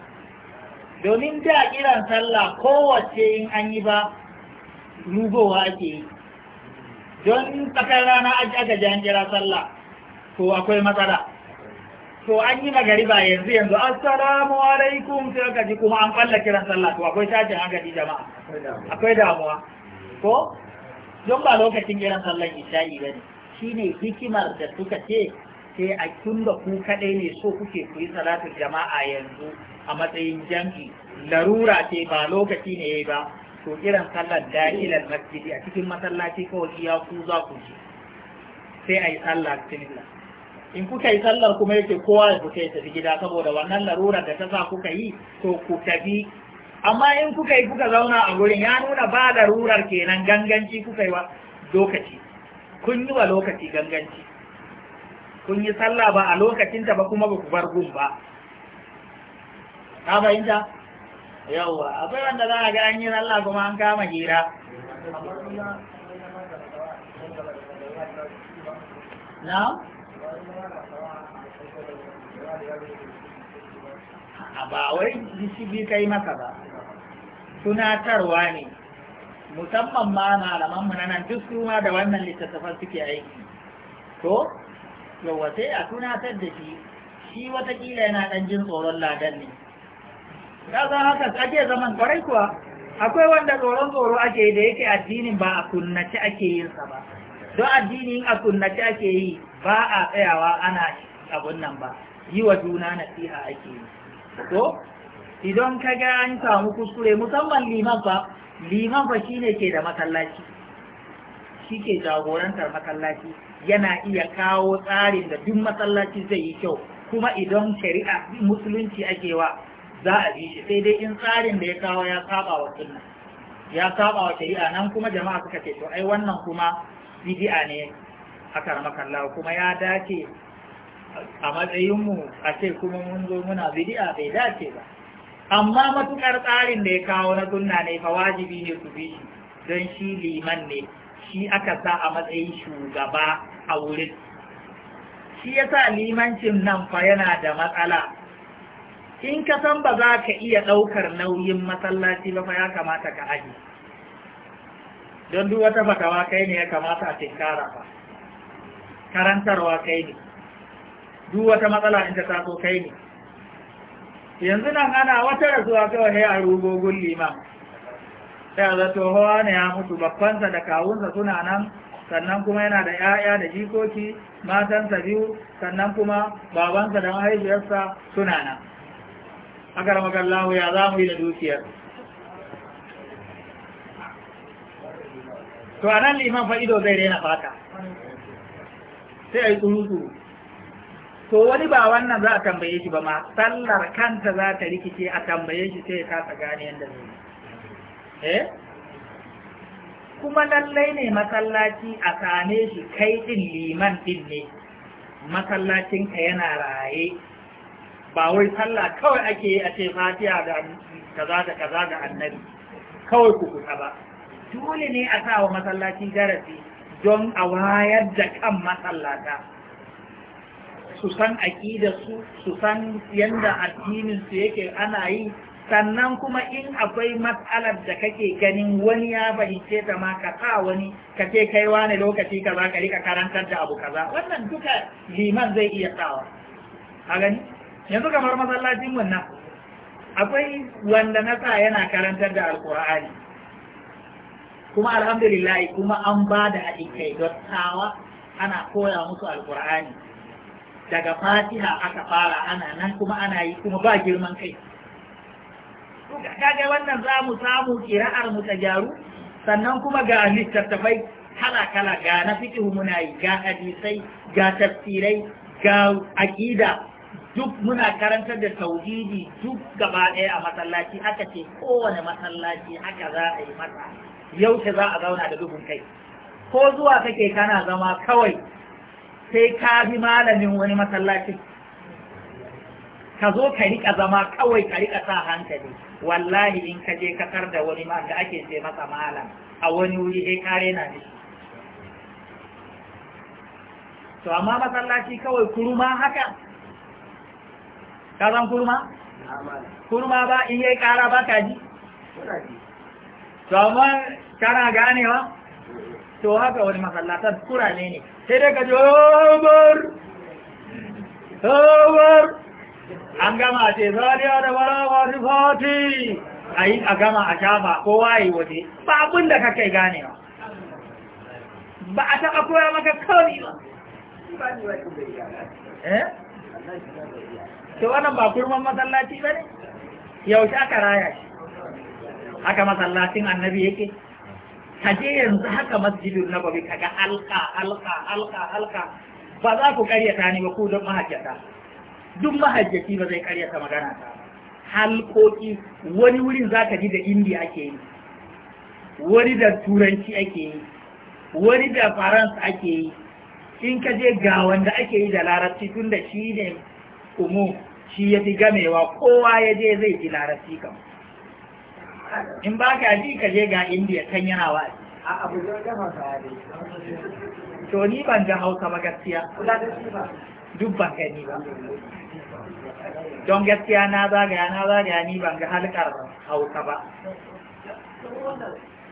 domin da kiran sallah kowace in an yi ba rugowa ake yi don tsakar rana aka jan kira sallah to akwai matsala to an yi ba yanzu yanzu assalamu alaikum sai ka ji kuma an falla kiran sallah to akwai tashin hankali jama'a akwai damuwa ko don ba lokacin kiran sallan isha'i bane shine hikimar da suka ce sai a tunda ku kadai ne so kuke ku yi salatin jama'a yanzu a matsayin jam'i larura ce ba lokaci ne yayi ba to kiran sallar da'ilar masjidi a cikin masallaci kawai iya ku za ku ji sai a yi sallah bismillah in kuka yi sallar kuma yake kowa ya fita ya tafi gida saboda wannan larura da ta sa kuka yi to ku tafi amma in kuka yi kuka zauna a gurin ya nuna ba larurar kenan ganganci kuka yi wa lokaci kun yi wa lokaci ganganci kun yi sallah ba a lokacinta ba kuma ba ku bar gun ba ka fahimta yawwa akwai wanda za a ga an yi sallah kuma an kama hira na a ba wai bi kai maka ba tunatarwa ne musamman ma malaman mu nan duk su ma da wannan littattafan suke aiki to yawa sai a tunatar da shi shi watakila yana ɗan jin tsoron ladan ne ya san haka ake zaman kwarai kuwa akwai wanda tsoron tsoro ake da yake addinin ba a kunnace ake yin sa ba don addinin a kunnace ake yi ba a tsayawa ana abun nan ba yi wa juna nasiha ake yi to idan ka ga an samu kuskure musamman liman fa liman fa shine ke da masallaci shi ke jagorantar masallaci yana iya kawo tsarin da duk masallaci zai yi kyau kuma idan shari'a musulunci ake wa za a bi shi sai dai in tsarin da ya kawo ya saba wa sunna ya saba wa shari'a nan kuma jama'a suka ce to ai wannan kuma bid'a ne akar Allah kuma ya dace a matsayinmu a ce kuma mun zo muna bidi'a bai dace ba amma matukar tsarin da ya kawo na sunna ne fa wajibi ne su bi don shi liman ne shi aka sa a matsayin shugaba a wurin shi ya sa limancin nan fa yana da matsala in ka san ba za ka iya ɗaukar nauyin masallaci ba fa ya kamata ka aji don duk wata fatawa kai ne ya kamata a tinkara fa karantarwa kai ne duk wata matsala in ta so kai ne yanzu nan ana wata rasuwa kawai sai a rugogun liman sai a zato hawa ne ya mutu babbansa da kawunsa suna nan sannan kuma yana da 'ya'ya da jikoki matansa biyu sannan kuma babansa da mahaifiyarsa suna nan aka ramakan ya za mu yi da dukiyar to a nan liman fa'ido zai daina fata sai a yi tsuru to wani ba wannan za a tambaye shi ba ma sallar kanta za ta rikice a tambaye shi sai ya kasa gane yadda zai eh kuma lallai ne masallaci a same shi kai ɗin liman ɗin ne masallacinka yana raye ba wai sallah kawai ake yi a ce fatiha da kaza da kaza da annabi kawai ku kusa ba dole ne a sa wa masallaci darasi don a wayar da kan masallata su san aƙidarsu su san yadda addininsu yake ana yi sannan kuma in akwai matsalar da kake ganin wani ya fahimce ta ma ka sa wani ka ce kai wani lokaci ka za ka rika karantar da abu kaza wannan duka liman zai iya sawa a gani yanzu kamar masallacin wannan akwai wanda na sa yana karantar da alkur'ani kuma alhamdulillah kuma an ba da haɗin dattawa ana koya musu alƙur'ani daga fatiha aka fara ana nan kuma ana yi kuma ba girman kai kaga wannan za mu samu kira'ar mu ta gyaru sannan kuma ga littattafai kala-kala ga na fikihu muna yi ga hadisai ga tafsirai ga aƙida duk muna karantar da tauhidi duk gaba ɗaya a masallaci aka ce kowane masallaci aka za a yi masa yaushe za a zauna da duhun kai ko zuwa kake kana zama kawai sai ka bi malamin wani masallaci ka zo ka rika zama kawai ka rika sa hankali wallahi in ka je kasar da wani ma da ake ce masa malam a wani wuri sai kare na ne to amma masallaci kawai kuruma haka ka zan kuruma Kuruma ba in yayi kara ba ka ji to amma gane ganewa to haka wani masallatan kurane ne sai dai ka ji obar obar an gama ce zariya da barawa fati a yi a gama a shafa ko waye waje ba abin da kakai ganewa ba a taɓa koya maka kawai ba eh? to wannan ba kurman masallaci ba ne yaushe aka raya shi haka masallacin annabi yake ka je yanzu haka masjidun nabawi kaga halka halka halka halka ba za ku karyata ni ba ku don mahajjata duk mahajjaci ba zai karyata magana ta halkoki wani wurin za ka ji da indiya ake yi wani da turanci ake yi wani da faransa ake yi in ka je ga wanda ake yi da larabci tun da shi ne umu shi ya fi gamewa kowa ya je zai ji larabci kamar in ba ka ji ka je ga indiya kan yana wa a abu da hausa dai." to ni ban ga hausa ba gaskiya duk ban gani ba don gaskiya na zagaya na zagaya ni ban ga halkar hausa ba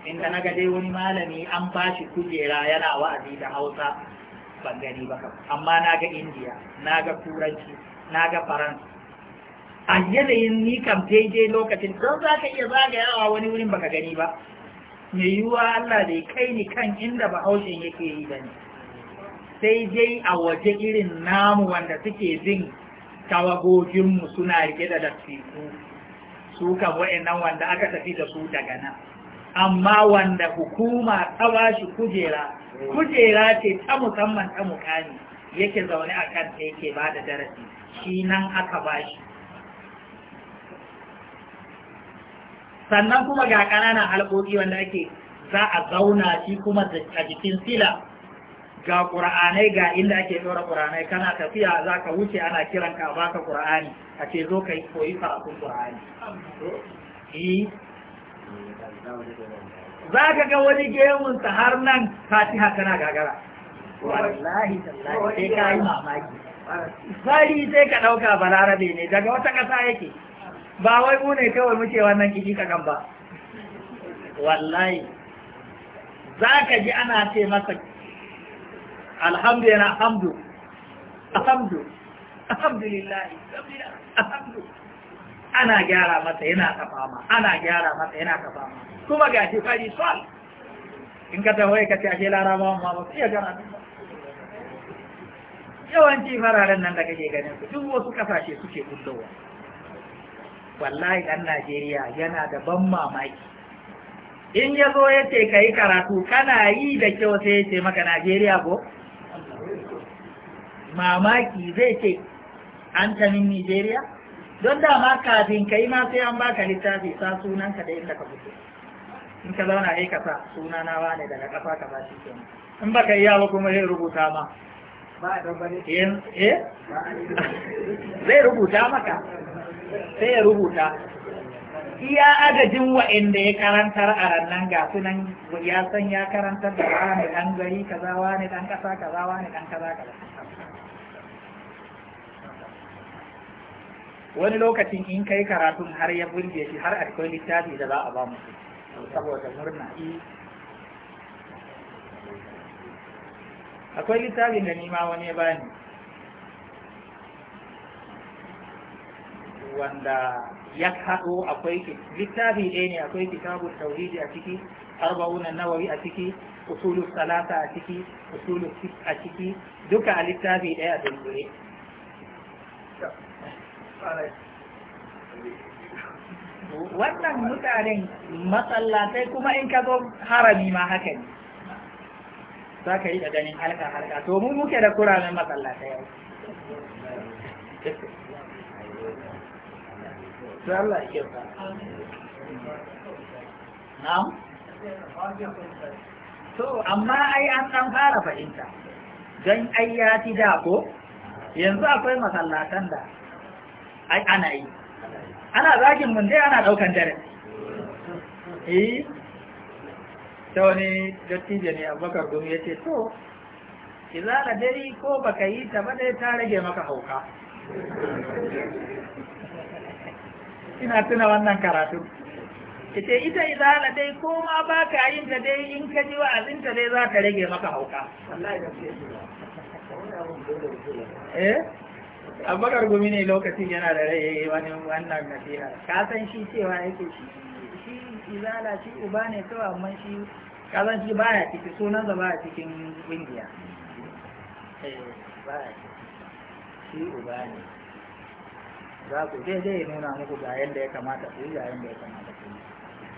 inda na ga dai wani malami an ba shi kujera yana wa'azi da hausa ban gani ba amma na ga indiya na ga turanci na ga faransa a yanayin ni kam daidai lokacin don za ka iya yawa wani wurin baka gani ba mai yiwuwa Allah da kai ni kan inda bahaushen yake yi da ni sai dai a waje irin namu wanda suke bin tawagoginmu suna rike da dafiku su kan wa'annan wanda aka tafi da su daga nan amma wanda hukuma ta shi kujera kujera ce ta musamman ta mukami yake zaune a kan kanta yake ba da darasi shi nan aka bashi sannan kuma ga ƙananan halƙoƙi wanda ake za a zauna shi kuma a jikin sila ga ƙura'anai ga inda ake ɗora ƙura'anai kana tafiya za ka wuce ana kiran ka baka ƙura'ani a ce zo ka yi koyi karatun ƙura'ani za ka ga wani gemunsa har nan fatiha tana gagara wallahi sai ka yi mamaki sai ka ɗauka balarabe ne daga wata ƙasa yake ba wai mu ne kawai muke wannan kiki kakan ba wallahi za ka ji ana ce masa alhamdu yana hamdu alhamdu alhamdulillahi alhamdu ana gyara masa yana kafama ana gyara masa yana kafama kuma ga shi fari sol in ka tawaye ka ce laraba ma ba su iya gara yawanci fararen nan da kake ganin su duk wasu kasashe suke kullowa wallahi ɗan Najeriya yana da ban mamaki in ya zo ya ce ka yi karatu kana yi da kyau sai ya ce maka Najeriya ko? mamaki zai ce an tamin Nijeriya? don dama kafin ka yi ma sai an baka littafi sa sunanka da inda ka fito in ka zauna ka sa suna na wane daga kafa ka shi ke in baka yi ba kuma zai rubuta ma Ba a Eh, eh? zai rubuta maka sai ya rubuta iya agajin wa'inda ya karantar a rannan ga sunan ya san ya karantar da ne ɗan gari kaza wani ɗan ƙasa kaza wani ɗan kaza kaza wani lokacin in kai karatun har ya burge shi har akwai littafi da za a ba musu saboda murna akwai littafin da nima wani ya bani wanda ya haɗo akwai littafi ɗaya ne akwai kitabu tauhidi a ciki arba'una nawawi a ciki usulu salata a ciki usulu fiqh a ciki duka a littafi ɗaya a dunkule wannan mutanen masallatai kuma in ka zo harami ma haka ne za ka yi da ganin halka halka to mu muke da kuramin masallatai sai Allah ya kyauta na'am to amma ai an dan fara fahimta don ai ya ci da ko yanzu akwai masallatan da ai ana yi ana zagin mun dai ana daukan dare eh ta wani dattijo ne abubakar gumi ya ce to Ki izala dare ko baka yi ta ba dai ta rage maka hauka ina tuna wannan karatu ita ita izala dai ko ma ba ka yin da dai in ka ji wa'azinta dai za ta rage maka hauka eh abubakar gumi ne lokacin yana da rai wani wannan nasiha ka san shi cewa yake shi shi izala shi uba ne kawai amma shi ka san shi baya ciki sunan sa baya cikin kungiya eh baya shi uba ne za ku je zai nuna muku ga yadda ya kamata ku yi ga yadda ya kamata ku yi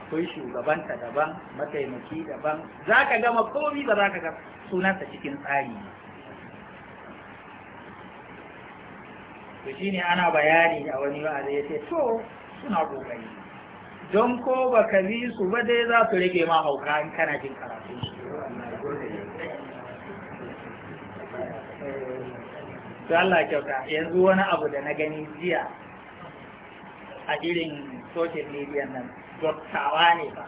akwai shugabanta daban mataimaki daban za ka gama komi ba za ka ga sunansa cikin tsari ne to shi ne ana bayani a wani wa'azi ya ce to suna ƙoƙari don ko ba ka bi su ba dai za su rage ma hauka in kana jin karatun su to Allah kyauta yanzu wani abu da na gani jiya a irin social media nan dokawa ne ba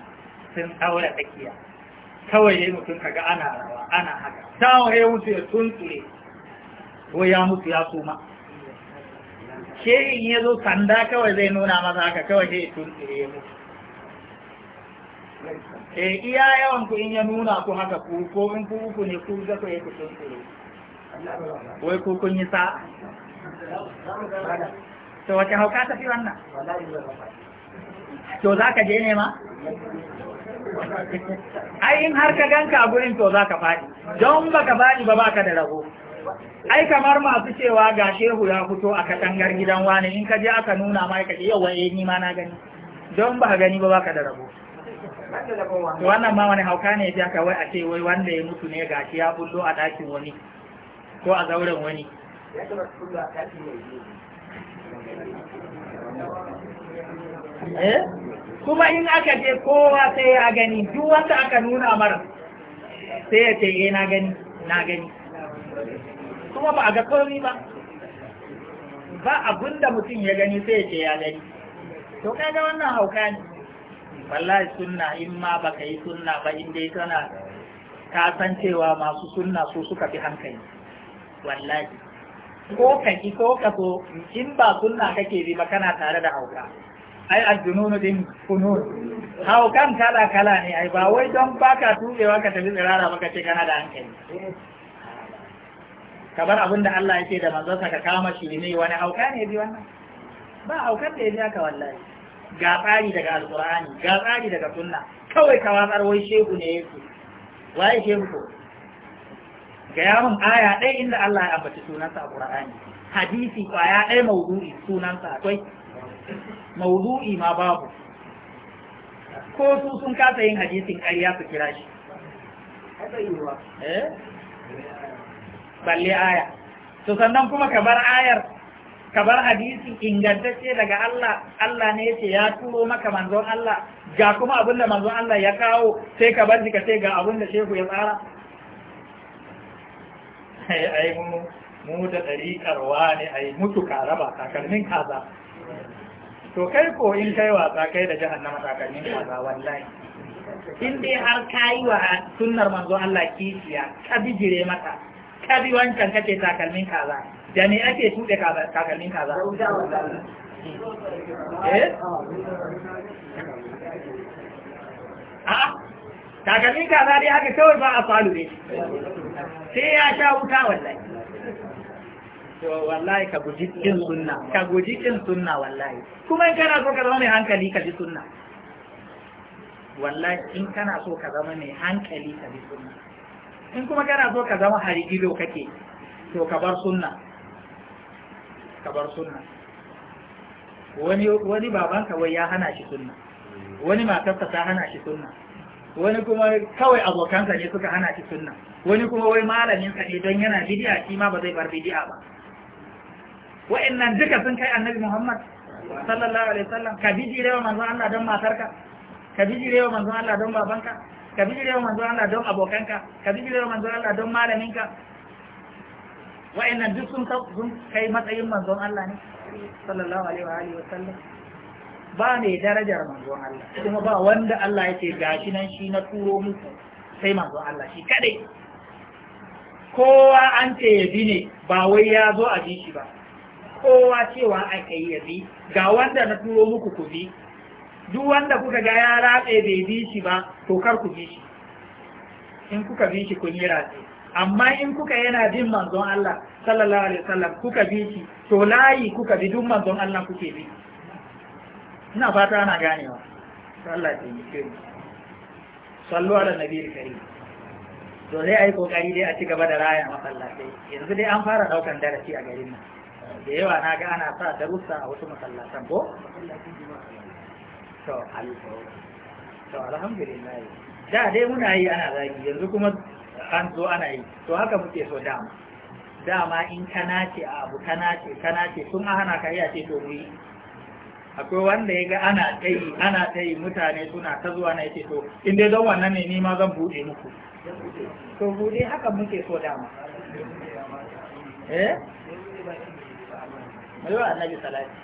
sun daura tsakiya kawai yi mutum kaga ana rawa ana haka tawo ya mutu ya tuntsure ko ya mutu ya suma ke in ya zo sanda kawai zai nuna masa haka kawai sai ya tuntsure ya mutu eh iya yawan ku in ya nuna ku haka ku ko in ku ku ne ku zaka yi ku tuntsure wai ko kun yi sa'a to wace hauka ta fi wannan to za ka je ne ma ai in har ka ganka a gurin to za ka faɗi don ba ka faɗi ba baka da rago ai kamar masu cewa ga shehu ya fito a katangar gidan wani in ka je aka nuna ma ka ce yawa eh ni ma na gani don ba ka gani ba ka da rago to wannan ma wani hauka ne ya aka wai a ce wai wanda ya mutu ne gashi ya bullo a ɗakin wani ko a zauren wani eh? kuma in aka je kowa sai ya gani duk wanda aka nuna mara sai ya ce eh na gani na gani kuma ba a ga komi ba ba abin mutum ya gani sai ya ce ya gani to kaga wannan hauka ne wallahi sunna in ma baka yi sunna ba inda ya tana kasancewa masu sunna su suka fi hankali wallahi ko ka ki ko ka so in ba sunna kake bi ba kana tare da hauka ai ajununu din kunun haukan kala kala ne ai ba wai don baka tubewa ka tafi tsirara ba ce kana da hankali kamar abin da Allah yake da sa ka kama shi ne wani hauka ne bi wannan ba haukan da ya ji ka wallahi ga tsari daga alqur'ani ga tsari daga sunna kawai ka watsar wai shehu ne yake waye shehu ko ga yawon aya ɗaya inda Allah ya ambaci sunansa a ƙura'ani hadisi ƙwaya ɗaya maudu'i sunansa akwai maudu'i ma babu ko su sun kasa yin hadisin ƙarya su kira shi eh? balle aya to sannan kuma ka bar ayar ka bar hadisi ingantacce daga Allah Allah ne yace ya turo maka manzon Allah ga kuma abinda manzon Allah ya kawo sai ka bar shi ka ce ga abinda shehu ya tsara *laughs* ai mu da ɗariƙar wani ai mutu karaba takalmin kaza to kai ko in kai watsa kai da jahannama takalmin kaza wallahi in dai har kayi wa sunnar manzo Allah kishiya ka bijire mata ka bi wancan kace takalmin kaza da me ake tuɗe takalmin kaza eh? a'a takalmin kaza dai haka kawai ba a falu ne sai ya sha wuta wallahi to wallahi ka guji kin sunna ka guji kin sunna wallahi kuma in kana so ka zama mai hankali ka ji sunna wallahi in kana so ka zama mai hankali ka ji sunna in kuma kana so ka zama harigilo kake to ka bar sunna ka bar sunna wani wani babanka wai ya hana shi sunna wani matarsa ta hana shi sunna wani kuma kawai abokansa ne suka hana shi sunna wani kuma wai malamin sa ne don yana bid'a shi ma ba zai bar bid'a ba wa'annan duka sun kai annabi Muhammad sallallahu alaihi wasallam ka rewa manzon Allah don matarka ka rewa manzon Allah don babanka ka rewa manzon Allah don abokanka ka rewa manzon Allah don malaminka wa'annan duk sun kai matsayin manzon Allah ne sallallahu alaihi wa alihi wasallam ba mai darajar manzon Allah kuma ba wanda Allah yake gashi nan shi na turo muku sai manzon Allah shi kadai kowa an ce ya ne ba wai ya zo a bi shi ba kowa cewa an kai ya ga wanda na turo muku ku bi duk wanda kuka ga ya ratse bai bi shi ba to kar ku bi shi in kuka bi shi kun yi ratse amma in kuka yana bin manzon Allah sallallahu alaihi wasallam kuka bi shi to layi kuka bi duk manzon Allah kuke bi ina fata ana ganewa Allah ya taimake mu sallu ala nabiyil karim to sai ai kokari dai a ci gaba da raya masallatai yanzu dai an fara daukan darasi a garin nan da yawa na ga ana sa darussa a wasu masallatan ko to to alhamdulillah da dai muna yi ana zagi yanzu kuma an zo ana yi to haka muke so dama dama in kana ce a abu kana ce kana ce sun hana ka iya ce to mu yi akwai wanda ya ga ana ta yi ana tsayi mutane suna ta zuwa na yake to in dai don wannan ne ni ma zan buɗe muku to buɗe haka muke so dama eh mai wa annabi salati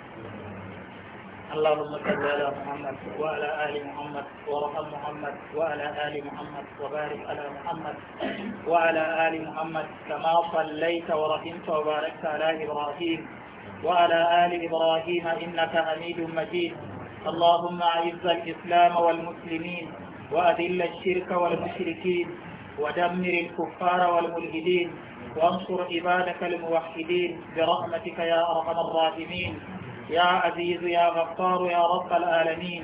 اللهم صل على محمد وعلى آل محمد وارحم محمد وعلى آل محمد وبارك على محمد وعلى آل محمد كما صليت ورحمت وباركت على إبراهيم وعلى آل إبراهيم إنك حميد مجيد اللهم أعز الإسلام والمسلمين وأذل الشرك والمشركين ودمر الكفار والملحدين وانصر عبادك الموحدين برحمتك يا أرحم الراحمين يا عزيز يا غفار يا رب العالمين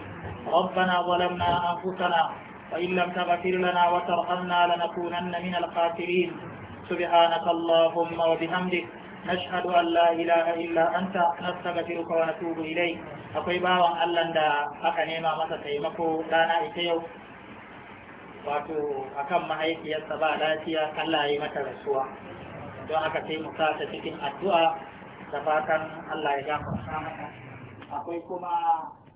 ربنا ظلمنا أنفسنا وإن لم تغفر لنا وترحمنا لنكونن من الخاسرين سبحانك اللهم وبحمدك نشهد akwai bawan Allah da aka nema masa taimako rana yau wato akan mahaifiyarsa ba lafiya Allah ya don aka sai mu ta cikin addu'a da fatan Allah kuma